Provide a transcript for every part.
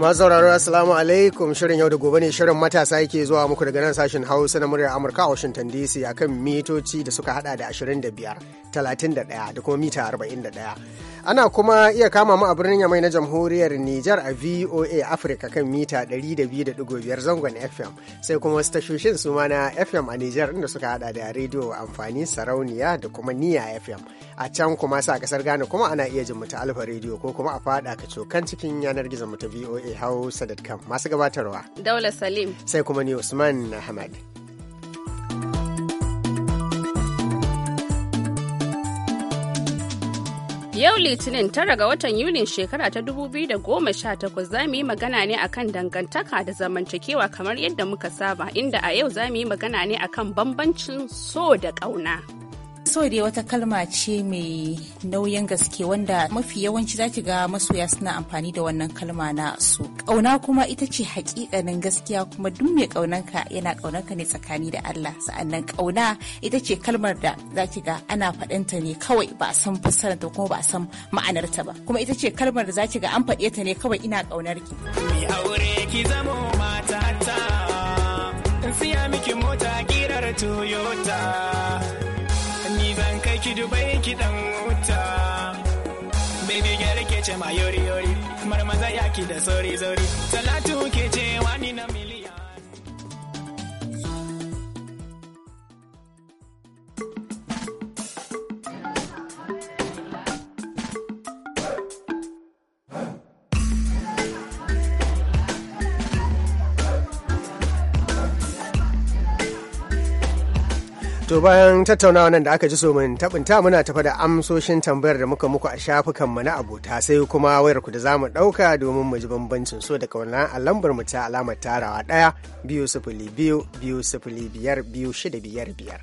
Masu sauraro Assalamu alaikum shirin yau da gobe ne shirin matasa yake zuwa muku daga nan sashen Hausa na muryar Amurka a Washington DC akan mitoci da suka hada da 25, 31 da kuma mita 41. Ana kuma iya kama mu a birnin Yamai na Jamhuriyar Nijar a VOA Africa kan mita 200.5 zangon FM sai kuma wasu tashoshin su ma na FM a Nijar inda suka hada da rediyo amfani sarauniya da kuma niya FM. A can kuma sa kasar Ghana kuma ana iya jin ta Alfa rediyo ko kuma a fada ka cokan cikin yanar gizon mu ta VOA Hausa.com masu gabatarwa. Daula Salim. Sai kuma ni Usman Ahmad. Yau Litinin tara ga watan Yunin shekara ta 2018 za mu yi magana ne akan dangantaka da zamantakewa kamar yadda muka saba inda a yau za mu yi magana ne akan bambancin so da ƙauna. so dai wata kalma ce mai nauyin gaske wanda mafi yawanci za ga masoya suna amfani da wannan kalma na su ƙauna kuma ita ce hakikanin gaskiya kuma duk mai ƙaunanka yana ƙaunanka ne tsakani da Allah sa'annan ƙauna ita ce kalmar da za ga ana faɗanta ne kawai ba a san fassararta kuma ba a san ma'anarta ba kuma ita ce kalmar da za ga an faɗe ta ne kawai ina ƙaunar ki. aure ki zamo matata, in siya miki mota kirar Toyota. ki dubai ki dan wuta baby girl ke ce ma yori yori marmaza ya ki da sori sori talatu ke ce wani na miliyan To bayan tattaunawa nan da aka ji somin tabinta muna tafa da amsoshin tambayar da muka muku a shafukan mu na abota sai kuma wayar ku da zamu mu ɗauka domin mu ji bambancin so daga wannan alambar mu ta alamar tarawa ɗaya biyu sifili biyu biyu biyar biyu shida biyar biyar.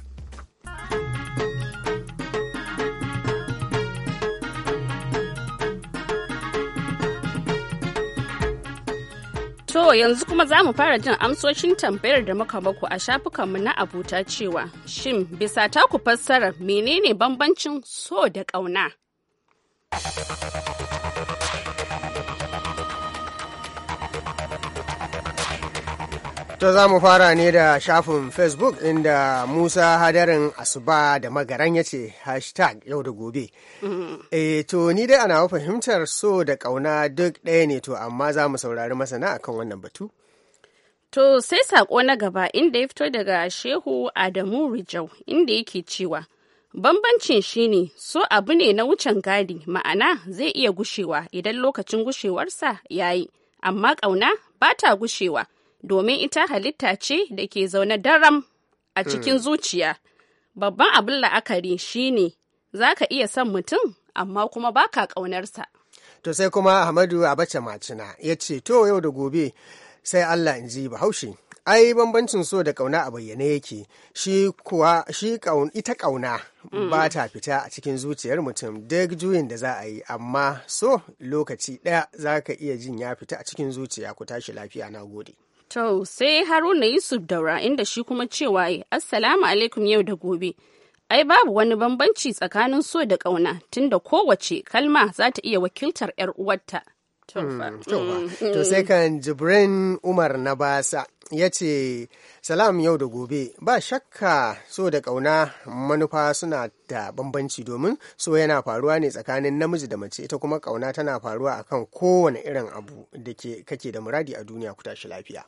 To yanzu kuma za mu fara jin amsoshin tambayar da muka maku a shafukanmu na abuta cewa shin bisa taku fassara menene bambancin so da ƙauna? To za mu fara ne da shafin Facebook inda Musa Hadarin Asuba da Magaran ya ce hashtag yau da gobe. E to ni dai ana fahimtar so da ƙauna duk ɗaya ne to amma za mu saurari masana akan wannan batu. To sai saƙo na gaba inda ya fito daga Shehu Adamu Rijau inda yake cewa Bambancin shine so abu ne na wucin gadi ma'ana zai iya gushewa idan lokacin gushewarsa yayi amma ƙauna ba ta gushewa. domin ita halitta ce da ke zaune daram a eh. cikin zuciya. Babban abin la'akari shine za ka iya son mutum amma kuma baka ƙaunarsa. To sai kuma Ahmadu Abacha Macina ya ce to yau da gobe sai Allah in ji bahaushe. ai bambancin so da ƙauna a bayyane yake shi kuwa shi ita ƙauna mm. ba ta fita a cikin zuciyar mutum duk juyin da za a yi amma so lokaci ɗaya za ka iya jin ya fita a cikin zuciya ku tashi lafiya na gode To sai Haruna Yusuf Daura inda shi kuma cewa yi Assalamu alaikum yau da gobe. Ai babu wani bambanci tsakanin so da ƙauna tunda kowace kalma za ta iya wakiltar 'yar uwarta. Hmm, mm, mm. To sai kan Jibrin Umar na basa ya ce, Salam yau da gobe, ba shakka so da ƙauna manufa suna da bambanci domin so yana faruwa ne tsakanin namiji da mace ita kuma ƙauna tana faruwa akan kowane irin abu da kake da muradi a duniya ku tashi lafiya.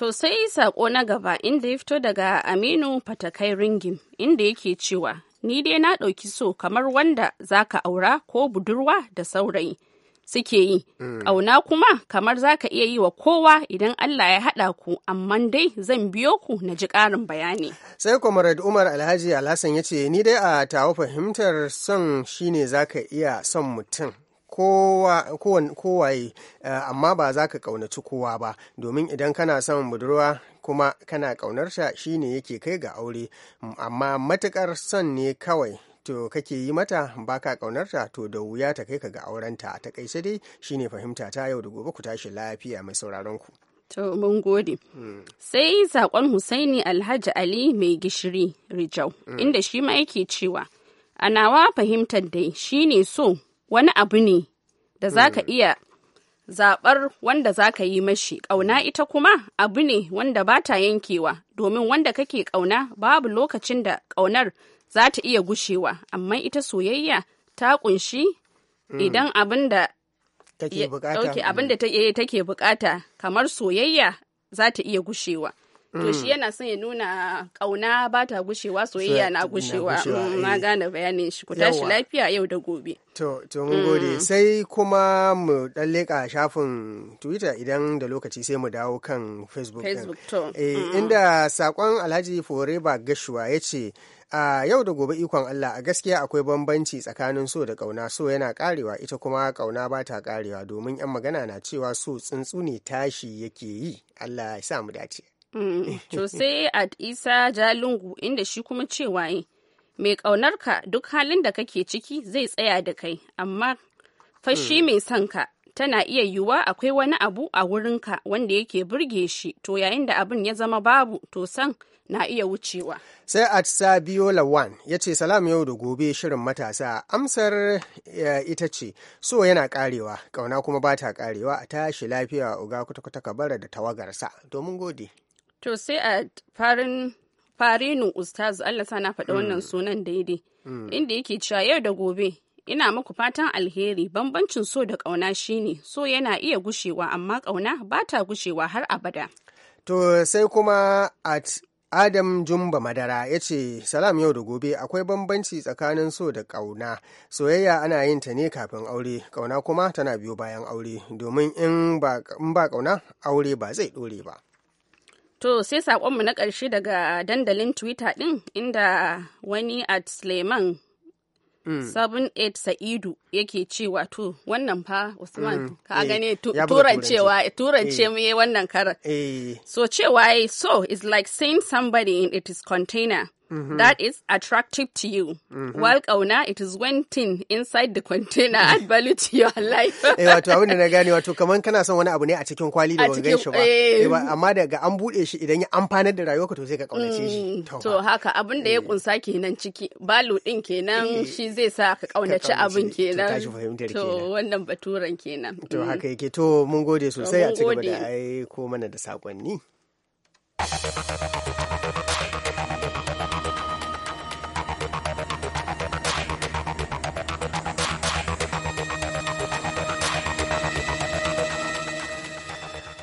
To sai sako na gaba inda ya fito daga Aminu Fatakai Ringim inda yake cewa ni dai na ɗauki so kamar wanda zaka aura ko budurwa da saurayi suke yi. Ƙauna mm. kuma kamar zaka iya yi wa kowa idan Allah ya haɗa ku amma dai zan biyo ku na ji ƙarin bayani. Sai Kwamarad Umar Alhaji Alhassan ya ce ni dai a tawo fahimtar son shine zaka iya son mutum kowaye eh, amma ba za ka kaunaci kowa ba domin idan kana son budurwa kuma kana ƙaunarta ne yake kai ga aure amma matukar son ne kawai to kake yi mata ba ka ƙaunarta to da wuya ta kai ka ga aurenta a takaice dai shine fahimta ta yau da gobe ku tashi lafiya mai sauraron ku To mun gode. Hmm. Sai saƙon Husaini Alhaji Ali mai gishiri Rijau, hmm. inda shi ma yake cewa, a nawa fahimtar dai shine so wani abu ne da za ka hmm. iya zaɓar wanda za ka yi mashi ƙauna ita kuma abu ne wanda ba ta yankewa domin wanda kake ƙauna babu lokacin da ƙaunar za ta iya gushewa amma ita soyayya ta ƙunshi hmm. idan abin da take bukata hmm. eh, kamar soyayya za ta iya gushewa to shi mm. yana son ya nuna ƙauna ba ta gushewa soyayya na gushewa mm, na eh. gane bayanin shi ku tashi lafiya yau da gobe to to mun gode mm. sai kuma mu dan shafin twitter idan da lokaci sai mu dawo kan facebook facebook to eh, inda sakon alhaji foreba gashuwa yace a yau da gobe ikon Allah a gaskiya akwai bambanci tsakanin so da ƙauna so yana ƙarewa ita kuma ƙauna ba ta ƙarewa domin yan magana na cewa so tsuntsu ne tashi yake yi Allah ya sa mu dace Mm. To sai at Isa Jalungu inda shi kuma cewa yi, mai ka duk halin da kake ciki zai tsaya da kai, amma fashi mm. mai son ka tana iya yiwuwa akwai wani abu a wurinka wanda yake burge shi, to yayin da abin ya zama babu, to san na iya wucewa. Sai at Sabiyo Lawan ya ce salam yau da gobe shirin matasa amsar ita ce so yana karewa kauna kuma ba ta karewa a tashi lafiya uga kwata-kwata kabara da tawagarsa domin gode. To sai a farin farinu ustaz Allah sana faɗa mm. wannan sunan daidai. Mm. Inda yake cewa yau da gobe ina muku fatan alheri bambancin so da ƙauna shine so yana iya gushewa amma ƙauna ba ta gushewa har abada. To sai kuma at Adam Jumba Madara ya ce, Salam yau da gobe akwai bambanci tsakanin so da ƙauna. Soyayya ana yin ta ne kafin aure, ƙauna kuma tana biyo bayan aure, domin in ba ƙauna aure ba zai ɗore ba. To sai saƙonmu na ƙarshe daga dandalin Twitter ɗin inda wani at Suleiman Mm. 78 sa'idu yake cewa to wannan fa usman mm. ka eh, gane turancewa turance eh. mu yi wannan karar eh. so cewa so is like saying somebody in it is container Mm -hmm. that is attractive to you. Mm -hmm. While kauna, it is when thin inside the container add value to your life. Eh wato abin da na gane wato kaman kana son wani abu ne a cikin kwali da wani shi ba. Eh. Eh, amma daga an bude shi idan ya amfanar da rayuwarka to sai ka kaunace shi. Mm, to haka abin da ya kunsa eh. kenan ciki balu din kenan shi zai sa ka kaunace abin kenan. To wannan baturan kenan. To haka yake to mun gode sosai a cikin da ai ko mana da sakonni.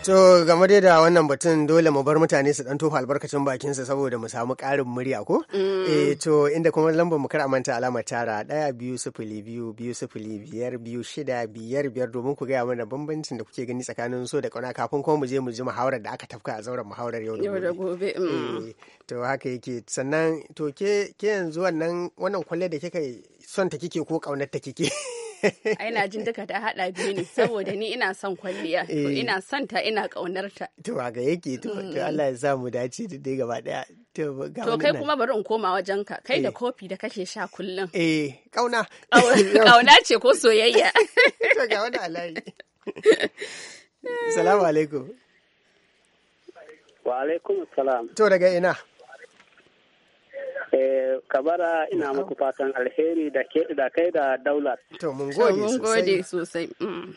To game dai da wannan batun dole mu bar mutane su dan tofa albarkacin bakin su saboda mu samu karin murya ko? Mm. Eh to inda kuma lambar mu kar a manta alama tara daya biyu sifili biyu biyu sifili biyar biyu shida biyar biyar domin ku gaya mana bambancin da kuke gani tsakanin so da kauna kafin kuma mu je mu ji muhawarar da aka tafka a zauren muhawarar yau da gobe. Mm. Eh, to haka yake sannan to ke yanzu wannan wannan kwalle da kika son ta kike ko kaunar ta kike? ai na jin duka ta hada biyu ne saboda ni ina son kwalliya to eh. ina son ta ina kaunar ta to ga yake to mm. Allah ya sa mu dace da dai gaba daya to kai kuma bari in koma wajen ka kai da eh. kofi da kake sha kullum eh kauna kauna ce ko soyayya to ga wani alayi salamu alaikum wa alaikum salam to daga ina Eh, kabara ina muku fatan alheri da ke da kai da daular. To mun gode sosai. Mm.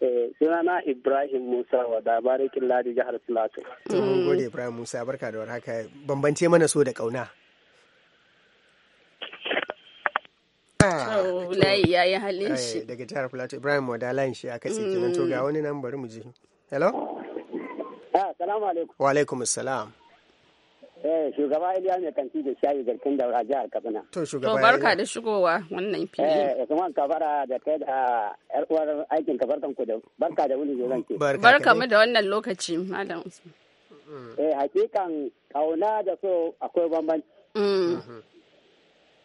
Eh, sunana Ibrahim Musa wa barikin ladi jihar Filato. To mun mm. gode Ibrahim Musa barka da warhaka bambance mana so da kauna. Ah, layi ya yi halin eh, shi. Daga jihar Filato Ibrahim Wada layin shi a katse kinan to ga mm. wani nan bari mu ji. Hello? Ah, salamu alaikum. Wa alaikum salam. Eh, shugaba Iliya mai kanti da shayi garkin daura a jihar Katsina. To, shugaba To, barka da shigowa wannan fili. Eh, kuma kabara da kai da ƴar uwar aikin ka barkan ku da barka da wuni zuwan ke. Barka mu da wannan lokaci, Malam mm. Eh, hakikan kauna da so akwai bambanci. Mm. Mm-hmm.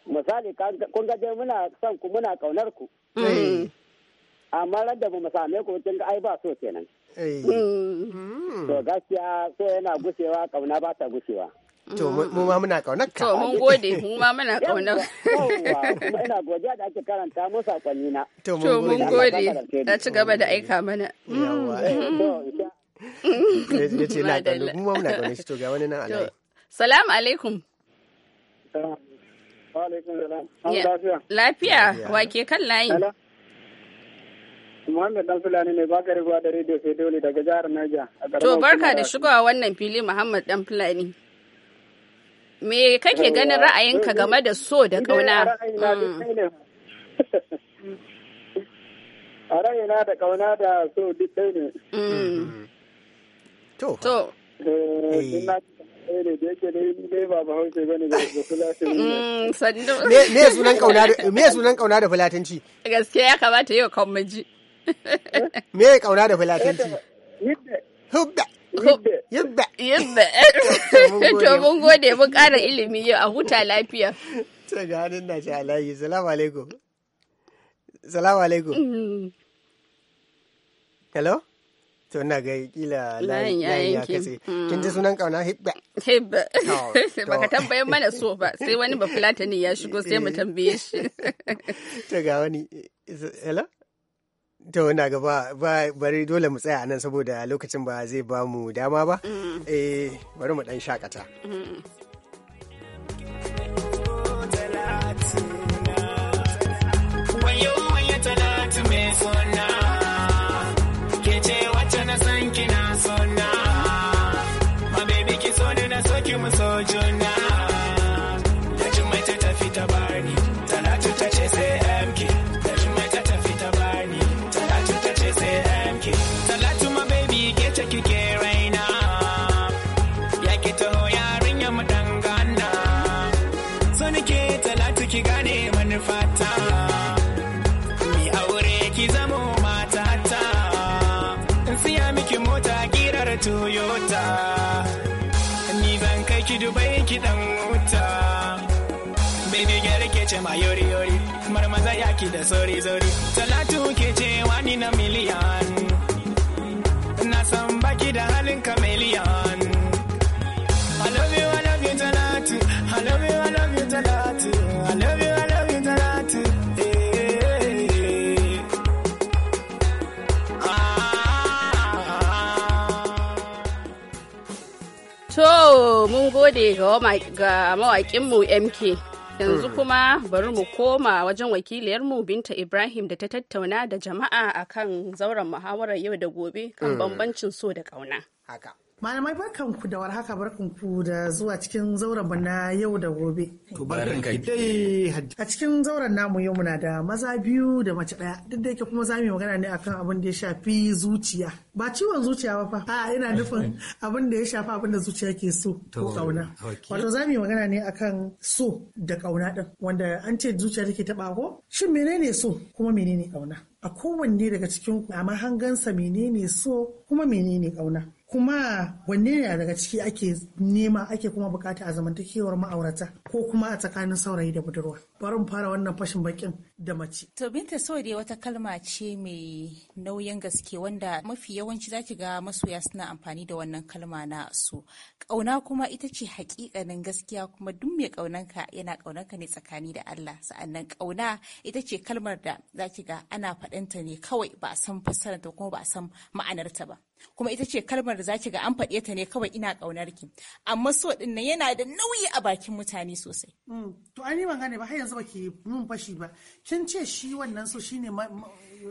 Misali, kun ga dai muna son ku muna kaunar ku. Mm. Amma ran da ba mu same ku kin ai ba so kenan. To gaskiya so yana gusewa kauna ba ta gushewa. To mu ma muna kauna ka. To mun gode mu ma muna kauna. Kuma ina godiya da ake karanta mu sakonni na. To mun gode. Ta ci gaba da aika mana. Yawa. Mm. Eh, ya ce na kaunar mu ma muna kauna shi to ga wani nan alai. Salamu alaikum. Lafiya wa ke kan layi. Muhammad Dan Fulani ne baka rubuwa da Radio Fedoli daga jihar Niger. To barka da shigowa wannan fili Muhammad Dan Fulani. Me kake ganin ra'ayinka game da so da ƙauna? Mm. A ra'ayina da ƙauna da so duk ɗaya ne. Mm. Mm-hmm. To. To. Me sunan kauna da fulatanci? Gaskiya ya kamata yau kan maji. Me kauna da fulatanci? Eh, Hubba. Yadda. Yadda. To mun gode mun ƙara ilimi a huta lafiya. To ga hannun na ce alayi. Salamu alaikum. Salamu alaikum. Mm. Hello? to na ga kila layin ya katse mm. kin ji sunan kauna hibba hibba baka tambaye mana so ba sai wani ba fulatani ya shigo sai mu eh. tambaye shi to ga wani hello to na gaba ba bari dole mu tsaya nan saboda lokacin ba zai ba mu dama ba mm-hmm. eh bari mu dan shakata mm-hmm. When you when me so Toyota. Ni zan kai ki Dubai ki dan wuta. Baby girl ke ce ma yori yori, marmaza ya ki da sori sori. Talatu ke ce wani na miliyan. Na san baki da halin kameliyan. mun gode ga mawaƙinmu MK. Yanzu hmm. kuma bari mu koma wajen wakiliyarmu Binta Ibrahim da ta tattauna da jama'a akan zauren muhawarar yau da gobe kan hmm. bambancin so da ƙauna. Haka. Malamai barkan ku da warhaka barkan ku da zuwa cikin zauren mu na yau da gobe. To barkan ka dai A cikin zauren namu yau muna da maza biyu da mace ɗaya duk da yake kuma za mu magana ne akan abin da ya shafi zuciya. Ba ciwon zuciya ba fa. A'a ina nufin abin da ya shafi abin da zuciya ke so ko kauna. Wato za mu magana ne akan so da kauna din wanda an ce zuciya take taɓa ko? Shin menene so kuma menene kauna? A kowanne daga cikin amma hangansa menene so kuma menene kauna? kuma wanne ne daga ciki ake nema ake kuma bukata a zamantakewar ma'aurata ko kuma a tsakanin saurayi da budurwa bari fara wannan fashin bakin da mace to binta saurayi wata kalma ce mai nauyin gaske wanda mafi yawanci zaki ga masoya suna amfani da wannan kalma na su kauna kuma ita ce hakikanin gaskiya kuma duk mai kaunanka yana kaunanka ne tsakani da Allah sa'annan kauna ita ce kalmar da zaki ga ana faɗinta ne kawai ba a san fassararta kuma ba a san ma'anarta ba kuma ita ce kalmar da zaki ga an faɗe ta ne kawai ina ƙaunar ki amma so din nan yana da nauyi a bakin mutane sosai mm. to ai ban gane ba har yanzu baki mun fashi ba kin ce shi wannan so shine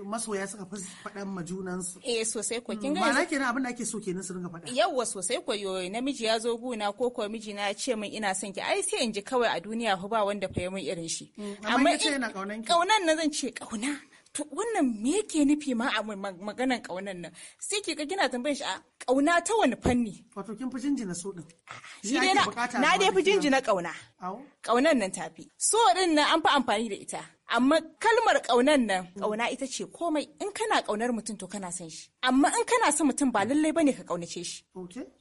masoya suka fi faɗan ma su eh sosai ko kin mm. ga ma'ana kenan abin da ake so kenan su dinga faɗa yawa sosai ko yoyo namiji ya zo guna ko ko miji na ce min ina son ki ai sai in ji kawai a duniya fa ba wanda fa yi min irin shi mm. amma ina kaunan ki kaunan nan zan ce kauna to wannan me yake nufi ma a maganan kaunan nan sai ki ga kina tambayar shi a kauna ta wani fanni wato kin fi jinjina so din shi dai na dai fi jinjina kauna kaunan nan tafi so din nan an fi amfani da ita amma kalmar ƙaunar nan ƙauna ita ce komai in kana ƙaunar mutum to kana son shi amma in kana son mutum ba lallai bane ka ƙaunace shi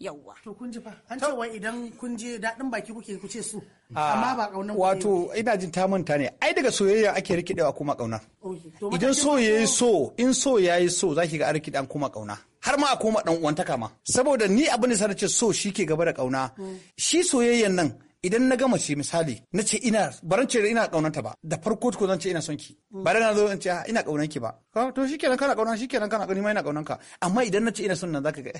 yawwa to kun ji fa an ce wai idan kun je daɗin baki kuke ku ce su ah, amma ba ƙaunar wato ina jin ta manta ne ai daga soyayya ake rikidewa kuma ƙauna idan so yayi so in so yayi so zaki ga an rikida an kuma ƙauna har ma a koma dan uwantaka ma saboda ni abin da ce so shi ke gaba da ƙauna mm. shi soyayyan nan idan na gama ce misali na ce ina baran ce ina kaunanta ba da farko ko zan ce ina son ki ba da na zo in ce ah, ina kaunan ki ba to shikenan kana kauna shikenan kana ni ma ina kaunan ka amma idan na ce ina son nan zaka ga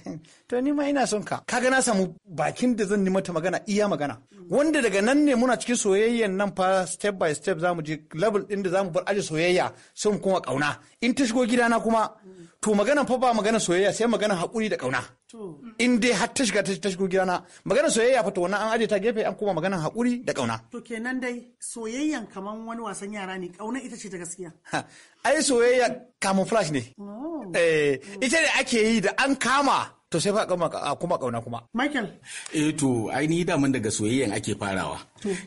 to ni ma ina son ka kaga na samu bakin da zan nima ta magana iya magana wanda daga nan ne muna cikin soyayyen nan fa step by step zamu je level din da zamu bar aje soyayya sai mu kuma kauna in ta shigo gidana kuma to magana fa ba magana soyayya sai magana hakuri da kauna in dai har ta shiga ta shigo gidana magana soyayya fa to wannan an aje ta gefe an kuma magana hakuri da kauna to kenan dai soyayyan kaman wani wasan yara ne kauna ita ce daga gaskiya ai soyayya camouflage ne oh. eh ita ne ake yi da an kama to sai fa kuma kauna kuma. Michael. Eh to ainihi daman daga soyayyan ake farawa.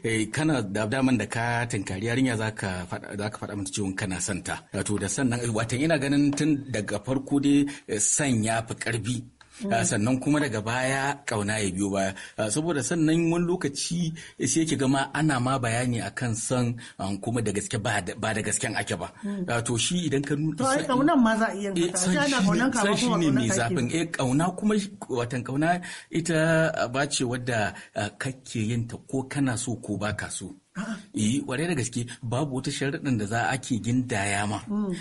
Eh kana da daman da ka tinkari yarinya zaka zaka faɗa mata cewa kana santa. To da sannan eh, watan ina ganin tun daga farko dai eh, san ya fi karbi Ah, mm. sannan kuma daga baya kauna ya biyo baya ah, saboda sannan wani lokaci sai yake gama ana ma bayani akan san ah, kuma da gaske ba da gasken ake ba mm. to shi idan ka nuna to kaunan ma za a iya eh, san shi ne mai zafin eh kauna kuma watan kauna ita ba ce wadda kake yin ta ko kana so ko baka so eh ware da gaske babu wata sharaɗin da za a ke gindaya ma mm,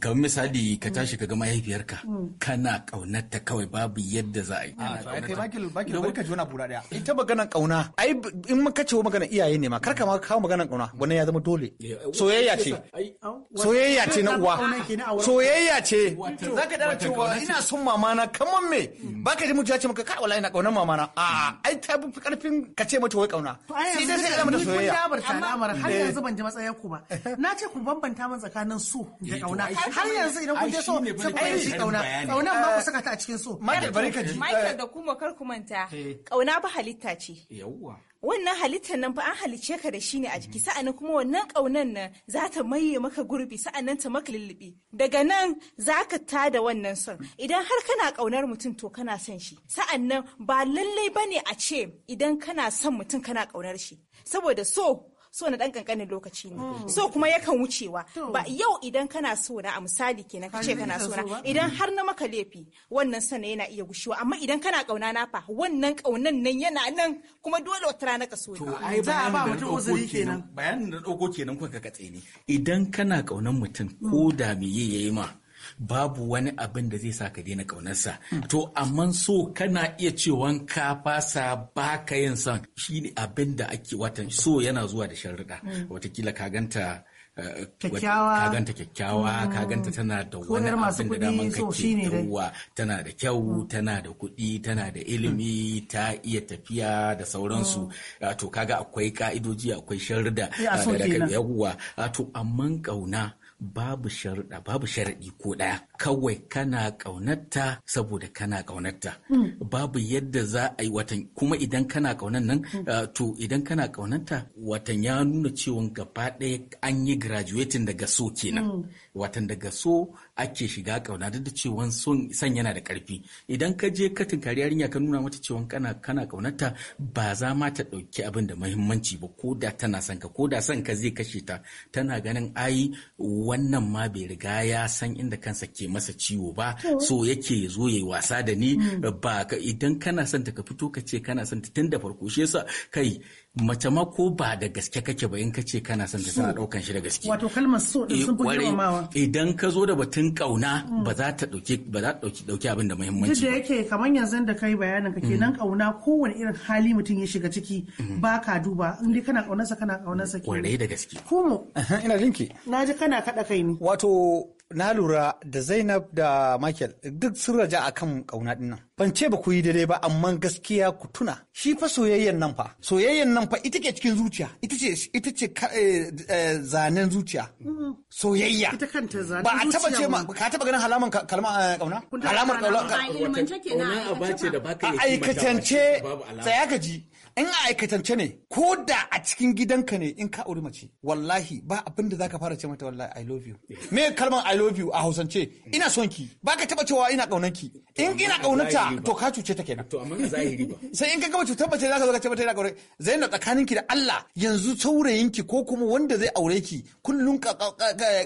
ka eh, misali ka tashi ka ga mm. mahaifiyarka mm. kana ƙaunarta kawai babu yadda za a yi ah, kai bakil bakil barka jona bura daya ita maganar ƙauna ai in maka ce magana iyaye ne ma kar ka ma kawo maganar ƙauna wannan ya zama dole eh, soyayya ce soyayya ce na uwa soyayya ce ka dara cewa ina son mamana kamar me baka ji mutum ya ce maka kai wallahi ina ƙaunar mamana a'a ai ta fi karfin ka ce mata wai ƙauna sai sai al'amarin soyayya. Ni kun dabarta al'amarin har eh. yanzu ban ji matsayin ku ba. Eh. Na ce ku bambanta min tsakanin so da kauna. Eh, har yanzu idan kun je so sai ku yi kauna. Kauna ba ku saka ta a cikin so. Michael da kuma kar ku manta. Kauna ba halitta ce. Yawwa. wannan halittar nan ba an halicce ka da shi ne a jiki mhm. sa'annan kuma wannan ƙaunar nan za ta maye maka gurbi sa'annan ta maka lullubi daga nan za ka ta da wannan son mhm. idan har kana ƙaunar mutum to kana son shi sa'annan ba lallai ba ne a ce idan kana son mutum kana ƙaunar shi saboda so so na dan kankanin lokaci ne hmm. so kuma yakan wucewa ba yau idan kana so na a misali kenan kace kana so na idan har na maka laifi wannan sana yana iya gushewa amma idan kana kauna na fa wannan kaunan nan yana nan kuma dole wata rana ka so ne za a ba mutum uzuri kenan bayanin da dogo kenan kuka ka katse ne idan kana kaunan mutum ko hmm. da me yayi ma babu wani abin da zai sa ka daina kaunarsa hmm. to amma so kana iya cewa ka fasa ba ka yin son shi ne abin da ake watan so yana zuwa da sharuɗa hmm. watakila eh, ka ganta kyakkyawa hmm. kaganta kyakkyawa kaganta tana da wani abin da daman kake yawwa tana da kyau tana da kuɗi tana da ilimi ta iya tafiya da sauransu ah, to kaga akwai ka'idoji akwai sharda da yawuwa to amman kauna babu sharuɗa babu sharaɗi ko ɗaya kawai kana ƙaunarta saboda kana ƙaunarta hmm. babu yadda za a yi watan kuma idan kana ƙaunar nan hmm. uh, to idan kana ƙaunarta watan ya nuna cewa gaba ɗaya an yi graduating daga so kenan hmm. watan daga so ake shiga kauna duk da cewa son san yana da karfi idan ka je ka tunkari yarinya ka nuna mata cewa kana kana kaunarta ba za ma ta dauki abin da muhimmanci ba ko da tana son ka ko da son ka zai kashe ta tana ganin ai wannan ma bai riga ya san inda kansa ke masa ciwo ba so yake zo yayi wasa da ni mm. ba idan kana son ta ka fito ka ce kana son ta tun da farko shi yasa kai mace ma ko ba da gaske kake ba in kace kana son ta tana daukan shi da gaske wato kalmar so din sun fi eh, girmamawa idan ka zo da batun kauna mm. ba za ta dauke ba za ta dauki dauki abin da muhimmanci duk da yake kamar yanzu da kai bayanin ka kenan kauna mm. kowane irin hali mutum ya shiga ciki mm. ba ka duba in dai kana kaunarsa kana kaunarsa ke kwarai da gaske ko mu ina jinki naji kana kada kai ne wato na lura da Zainab da Michael duk sun raja a kan ƙauna ɗin nan. Ban ce ba ku yi daidai ba amma gaskiya ku tuna. Shi fa soyayyen nan fa. Soyayyen nan fa ita ke cikin zuciya. Ita ce ita ce eh, eh, zanen zuciya. Soyayya. Ita kanta zanen zuciya. Ba a taba ce ma ka taba ganin halaman kalma eh, ƙauna? Halamar ƙauna. Ƙauna a bace da ka yi. Aikatance tsaya ka ji. in a aikatance ne ko da a cikin gidanka ne in ka auri mace wallahi ba abin da zaka fara ce mata wallahi i love you me kalmar i love you a hausance ina son ki baka taba cewa ina kaunar ki in ina kaunarta to ka cuce ta kenan to amma zahiri ba sai in ka gaba cutar mace zaka zo ka ce mata ina kaunar zainab tsakanin ki da Allah yanzu saurayin ki ko kuma wanda zai aure ki kullun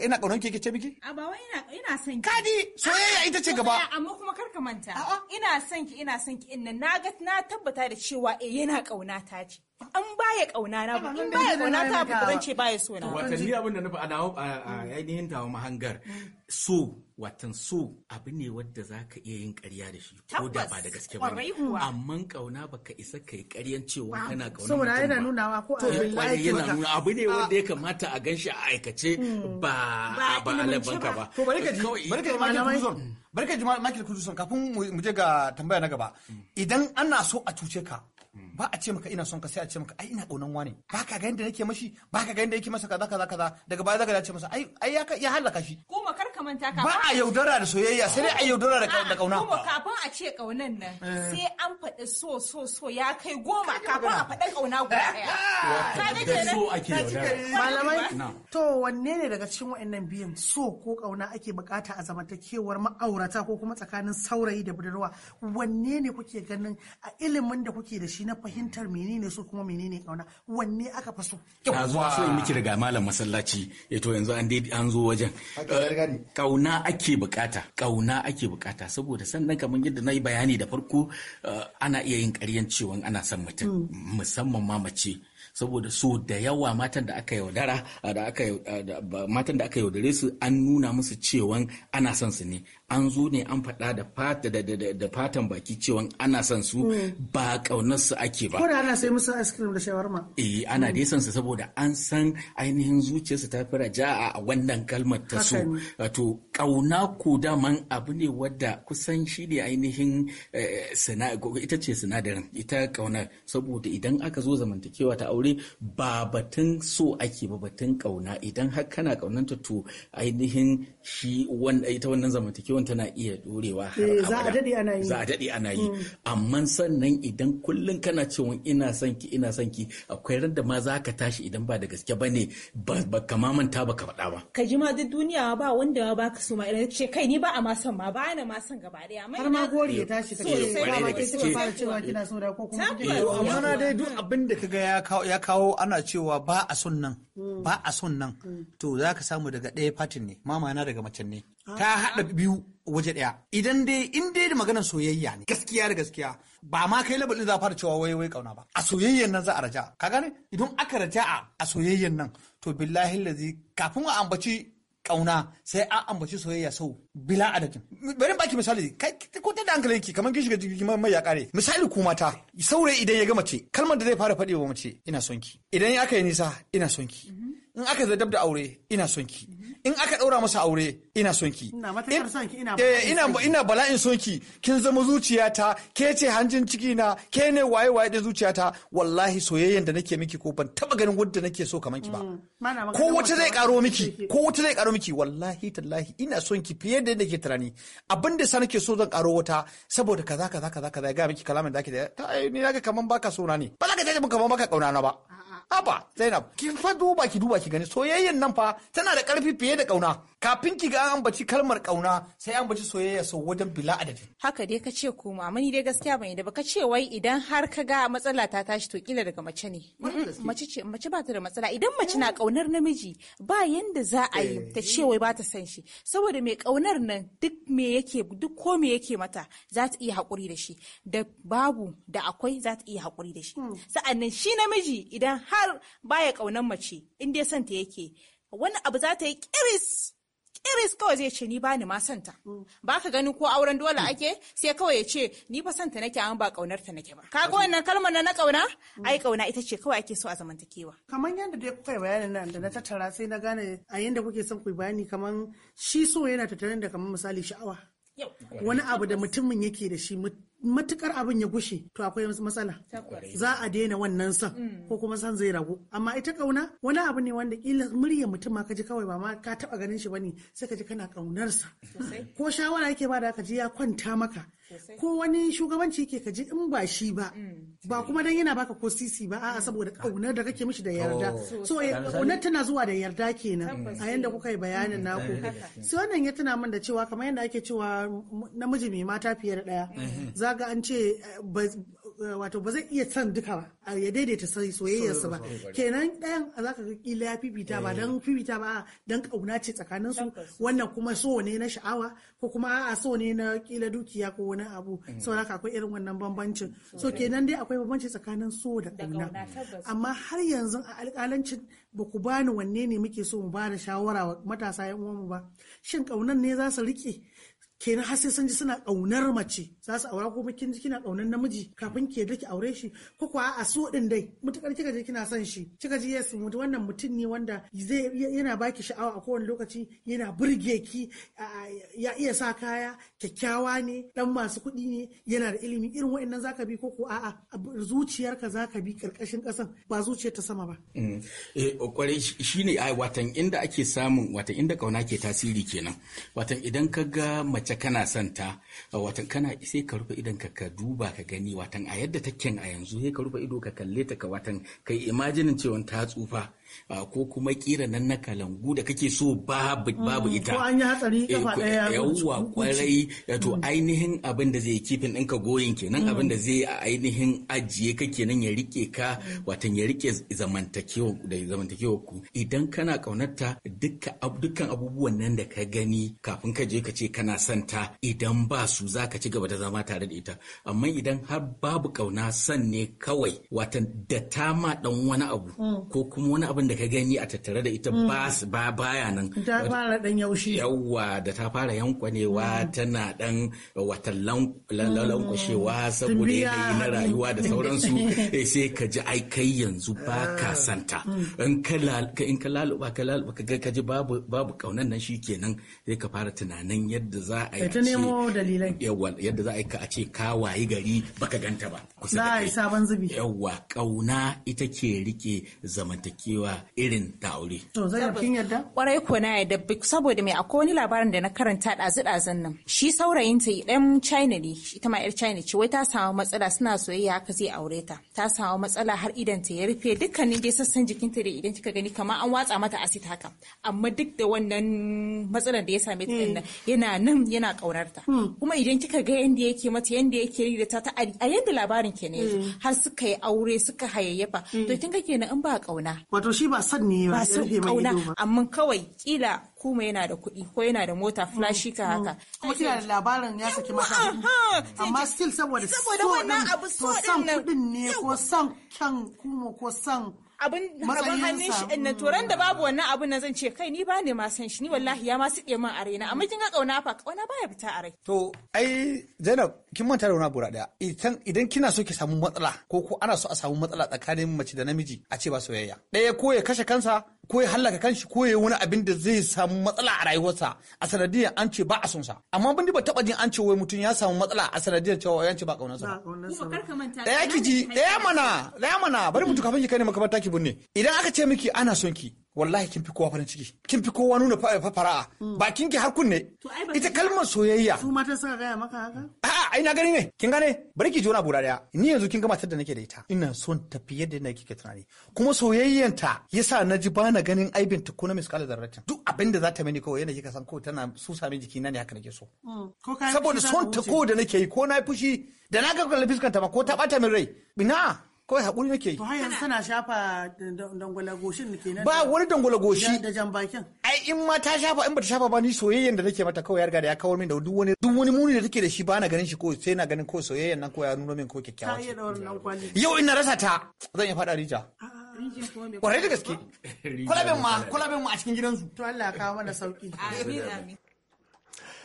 ina kaunar ki ce miki a ba wai ina ina son ki kadi soyayya ita ce gaba amma kuma kar ka manta ina son ki ina son ki inna na ga na tabbata da cewa eh yana kauna kauna ta ce an baya kauna na ba in baya kauna ta ba zan ce baya so na watan ni abin da na faɗa a ainihin tawo mahangar so watan so abu ne wadda za ka iya yin karya da shi ko da ba da gaske ba amma kauna ka isa ka yi ƙaryan cewa kana kauna saboda yana nuna wa ko a billahi yana nuna abu ne wanda ya kamata a ganshi a aikace hmm. ba ba ka ba to bari ka ji bari ka ji malamai bari ka ji Michael Kuduson kafin mu je ga tambaya na gaba hmm. idan ana so a cuce ka hmm. ba a ce maka ina son ka sai a ce maka ai ina kaunan wani ba ka ga yadda nake mashi ba ka ga yadda yake masa kaza kaza kaza daga baya zaka ce masa ai ai ya halaka shi ko kar ka manta ka ba a yaudara da soyayya sai dai a yaudara da kauna kuma kafin a ce kaunan nan eh. sai an faɗi so so so ya kai goma kafin a faɗi kauna guda eh, ɗaya eh. ka ga yaudara malamai to wanne ne daga cikin wa'annan biyan so ko kauna ake bukata a zamantakewar ma'aurata ko kuma tsakanin saurayi da budurwa wanne ne kuke ganin a ilimin da kuke da shi na fahimtar menene so kuma menene kauna wanne aka fi so zuwa so in miki daga malam masallaci ya eh to yanzu an dai an zo wajen eh, kauna ake bukata kauna ake bukata saboda sannan kamar yadda na yi bayani da farko eh, ana iya yin karyan cewa ana son mutum mm. musamman ma mace saboda so da yawa matan da aka yaudara matan da aka yaudare su an nuna musu cewa ana son su ne an zo ne an faɗa da fatan baki cewa ana son su mm. ba ƙaunar su ake ba. Koda ana sai musu ice cream da shawarma. Eh ana mm. dai son su saboda an san ainihin su ta fi ja a wannan kalmar ta so. Wato ƙauna ko daman abu ne wadda kusan shi ne ainihin eh, ita ce sinadarin ita ƙaunar saboda idan aka zo zamantakewa ta aure ba batun so ake ba batun ƙauna idan har kana ƙaunanta to ainihin shi ita wannan zamantakewa abin tana iya dorewa har eh, za a daɗe ana yi za a daɗe ana yi mm. amma sannan idan kullum kana cewa ina son ki ina son ki akwai ran da ma za ka tashi idan ba da gaske ba ne ba ka mamanta ba ka faɗa ba ka ji ma duk duniya ba wanda ba ka so ma idan ce kai ni ba a ma son ma ba na ma son gaba daya har ma gori ya eh, tashi ka ce ba ma ke suka fara cewa kina so da ko kuma amma na dai duk abin da kaga ya kawo ana cewa ba a son nan mm. ba a son nan mm. to za ka samu daga ɗaya fatin ne mama na daga macen ne ta haɗa biyu waje ɗaya idan dai in dai da maganar soyayya ne gaskiya da gaskiya ba ma kai labalin za fara cewa wai wai kauna ba a soyayyan nan za a raja ka gane idan aka raja a soyayyan nan to billahi lazi kafin a ambaci kauna sai an ambaci soyayya sau bila adadin bari baki misali kai ko ta da yake kamar kin shiga jirgin mai ya kare misali ku mata saurayi idan ya ga mace kalmar da zai fara faɗi wa mace ina son ki idan aka yi nisa ina son ki mhm. in aka zadab da aure ina son ki in aka daura masa aure ina son ki ina matakar ina eh, ina bala'in son ki kin zama zuciyata ke ce hanjin ciki na ke ne waye waye da zuciyata wallahi soyayyen da nake miki ko ban taba ganin wanda nake so kaman ki ba mm, ko wata zai karo miki ko wata zai karo miki wallahi tallahi ina son ki fiye da yadda ke tunani abinda sa nake so zan karo wata saboda kaza kaza kaza kaza ya ga miki kalamin da ake da ni naga kaman baka so na ne ba za ka ce kaman baka kauna na ba haba zainab kin fa duba ki duba ki gani soyayyen nan fa tana da ƙarfi fiye da ƙauna. kafin ki ga an ambaci kalmar kauna sai an ambaci soyayya sau wajen bila adadin haka dai ka ce ko ma dai gaskiya bane da baka ce wai idan har ka ga matsala ta tashi to kila daga mace ne mace ce mace ba ta da matsala idan mace na kaunar namiji ba yanda za a yi ta ce wai ba ta san shi saboda mai kaunar nan duk me yake duk ko me yake mata za ta iya hakuri da shi da babu da akwai za ta iya hakuri da shi hmm. sa'annan shi namiji idan har baya kaunar mace in dai son ta yake wani abu za ta yi kiris iris kawai zai ce ni ba ni ma santa ba ka gani ko auren dole hmm. ake sai kawai ya ce ni fa santa nake amma ba kaunar ta nake ba kaga wannan kalmar na kauna hmm. ai kauna ita ce kawai ake so a zamantakewa kamar yadda dai kuka yi nan da na tattara sai na gane a yanda kuke son ku bayani kamar shi so yana tattare da kamar misali sha'awa wani abu da mutumin yake da shi matukar abin ya gushe to akwai matsala za a daina wannan san mm. ko kuma san zai ragu amma ita kauna wani abu ne wanda kila murya mutum ma ka ji kawai ba ma ka taba ganin shi bane sai ka ji kana kaunarsa ko shawara yake ba da ka ji ya kwanta maka ko wani shugabanci yake ji in ba shi ba mm. ba kuma dan yana baka ko sisi ba a'a saboda kaunar da kake mishi da yarda so kaunar eh, tana zuwa da yarda kenan a yanda kuka yi bayanin mm. naku sai wannan ya tuna min da cewa kamar yadda ake cewa namiji mai mata fiye da daya zaga an ce eh, Eh, wato ba zai iya san duka ba ya daidaita soyayyarsa ba kenan ɗayan za ka ga kila ya fifita ba eh. don fifita ba don kauna ce tsakanin su wannan kuma so ne na sha'awa ko kuma a so ne na kila dukiya ko wani abu mm. saboda akwai irin wannan bambancin so kenan dai akwai bambanci tsakanin so da kauna amma har yanzu a alƙalancin ba ku bani wanne ne muke so mu ba da shawara wa matasa yan uwanmu ba shin kaunan ne za su riƙe. kenan har sai sun ji suna kaunar mace za su aura ko kin ji kina kaunar namiji kafin ke da ki aure shi ko kuwa a so din dai mutakar kika ji kina son shi kika ji yes wannan mutum ne wanda zai yana baki sha'awa a kowane lokaci yana burge ki ya iya sa kaya kyakkyawa ne dan masu kuɗi ne yana da ilimi irin wa'annan zaka bi ko ko a'a zuciyarka zaka bi karkashin kasan ba zuciyar ta sama ba mm. eh kwarai shine ai watan inda ake samun watan inda kauna ke tasiri kenan watan idan ka ga mace wata kana son ta watan kana sai ka rufe idonka ka ka duba ka gani watan a yadda take a yanzu sai ka rufe ido ka kalle ta ka watan kai imajinin cewa ta tsufa Ah, ko kuma kira nan na kalangu da kake so babu mm. babu ita ko an yi hatsari kafa daya yawwa kwarai to mm. ainihin abin da zai kifin ɗinka goyin kenan abin da mm. zai a ainihin ajiye ka kenan ya rike ka watan ya rike zamantakewa ku idan kana kaunarta dukkan abubuwan nan da ka gani kafin ka je ka ce kana ta idan ba su za ka ci gaba da zama tare da ita amma idan har babu kauna san ne kawai watan da ta ma dan wani abu ko kuma wani abu abin da ka gani a tattare da ita mm. ba baya nan ta fara dan yaushe. yawa da ta fara yankwanewa mm. tana dan watan lankwashewa mm. saboda yanayi na rayuwa da sauransu eh, sai ka ji ai kai yanzu ba ah. ka santa in ka laluba ka laluba ka ka ji babu babu kaunan nan shi kenan sai ka fara tunanin yadda za a yi ta nemo dalilan yawa yadda za a yi ka a ce ka wayi gari baka ganta ba kusa da kai sabon zubi yawa kauna ita ke rike zamantakewa irin ta To zai yadda? Kwarai ko na yadda saboda mai akwai wani labarin da na karanta ɗazu ɗazun nan. Shi saurayin ta ɗan China ne ita ma 'yar China ce wai ta samu matsala suna soyayya haka zai aure ta. Ta samu matsala har idan ta ya rufe dukkanin dai sassan jikinta da idan kika gani kamar an watsa mata asid haka. Amma duk da wannan matsalar da ya same ta nan eh. yana nan yana ƙaunarta. Hmm. Kuma idan kika ga yanda yake mata yanda yake da ta a yanda labarin ne hmm. har suka yi aure suka hayayyafa hmm. to kin ga kenan in ba ƙauna. Wato shi ba son ne ba son kauna amma kawai kila kuma yana da kuɗi ko yana da mota flashi ka mm, mm. haka kuma kila da labarin ya saki maka amma still saboda saboda wannan abu so din nan kuɗin ne ko son kyan kuma ko son abin abin hannun shi in eh, turan da babu wannan abin na zan ce kai ni ba ne ma san shi ni wallahi ya ma suke min a raina amma kin ga kauna fa kauna baya fita a rai to ai Zainab kin manta da wani abu daya idan kina so ki samu matsala ko ko ana so a samu matsala tsakanin mace da namiji a ce ba soyayya Ɗaya ko ya kashe kansa ko ya hallaka kanshi ko ya wani abin da zai samu matsala a rayuwarsa a sanadiyar an ce ba a son sa amma ban ba taba jin an ce wai mutum ya samu matsala a sanadiyar cewa ya ce ba kaunar sa ya kiji ji daya mana daya mana bari mutu kafin ki kai ne makabarta taki binne idan aka ce miki ana son ki wallahi kin fi kowa farin ciki kin fi kowa nuna fara'a mm. bakin ki har kunne ita kalmar soyayya su mata suka gaya maka haka ai na gani ne kin gane bari ki jona bura daya ni yanzu kin gama da nake da ita ina son tafi yadda na kike tunani kuma soyayyanta yasa na ji bana ganin aibin ta ko na kala zarratin duk abin da za ta mini kawai yadda kika san ko tana susa min jiki na ne haka nake so mm. saboda son ta ko da nake yi ko na fushi da na ga kallon ta ma ko ta bata min rai ina kawai haƙuri nake yi. To yanzu shafa dangwala goshin nake nan. Ba wani dangwala goshi. Da jan bakin. Ai in ma ta shafa in ba ta shafa ba ni soyayyen da nake mata kawai ya riga da ya kawar min da duk wani duk wani muni da take da shi ba na ganin shi ko sai na ganin ko soyayyen nan ko ya nuno min ko kyakkyawa. Ta da wannan kwali. Yau in na rasa ta zan iya faɗa rija. Ah, Kwarai da gaske. Kwalabin ma kwalabin ma a cikin gidansu. To Allah ya kawo mana sauki. Amin amin.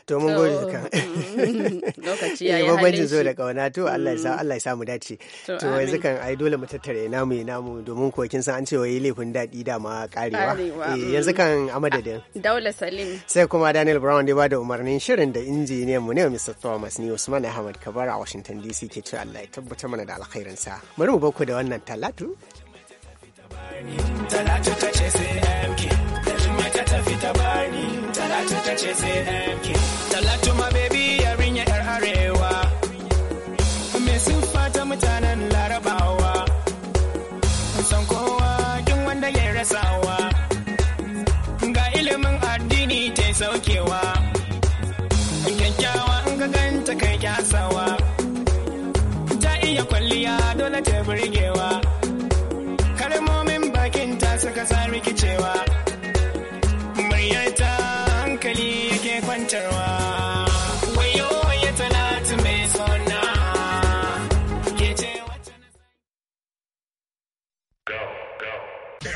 to mun gode ka mm, mm, lokaci yayi bambancin so da kauna to Allah ya sa mm. Allah ya sa mu dace to yanzu kan ai dole mu tattare mu ina mu. domin ko kin san an ce wai laifin daɗi da ma karewa eh, yanzu kan a madadin Daula Salim sai kuma Daniel Brown da ba da umarnin shirin da injiniyan mu ne Mr Thomas ni Usman Ahmad Kabara a Washington DC ke cewa Allah ya tabbata mana da alkhairin sa bari mu bako da wannan talatu talatu ta ce sai MK ta bani talatu ta ce sai Cause I regain